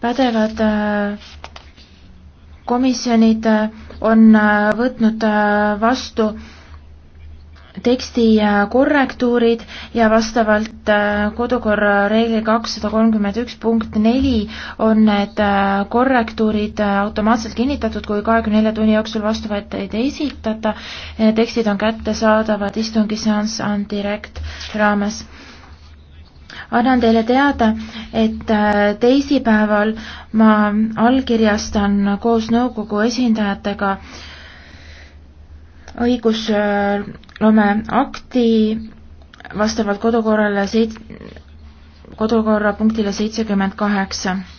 pädevad äh, komisjonid äh, on äh, võtnud vastu teksti korrektuurid ja vastavalt kodukorra reegli kakssada kolmkümmend üks punkt neli on need korrektuurid automaatselt kinnitatud, kui kahekümne nelja tunni jooksul vastuvõtteid ei esitata. tekstid on kättesaadavad istungi seanss on direct raames. annan teile teada, et äh, teisipäeval ma allkirjastan koos nõukogu esindajatega õigusloome akti vastavalt kodukorrale seit-, kodukorra punktile seitsekümmend kaheksa.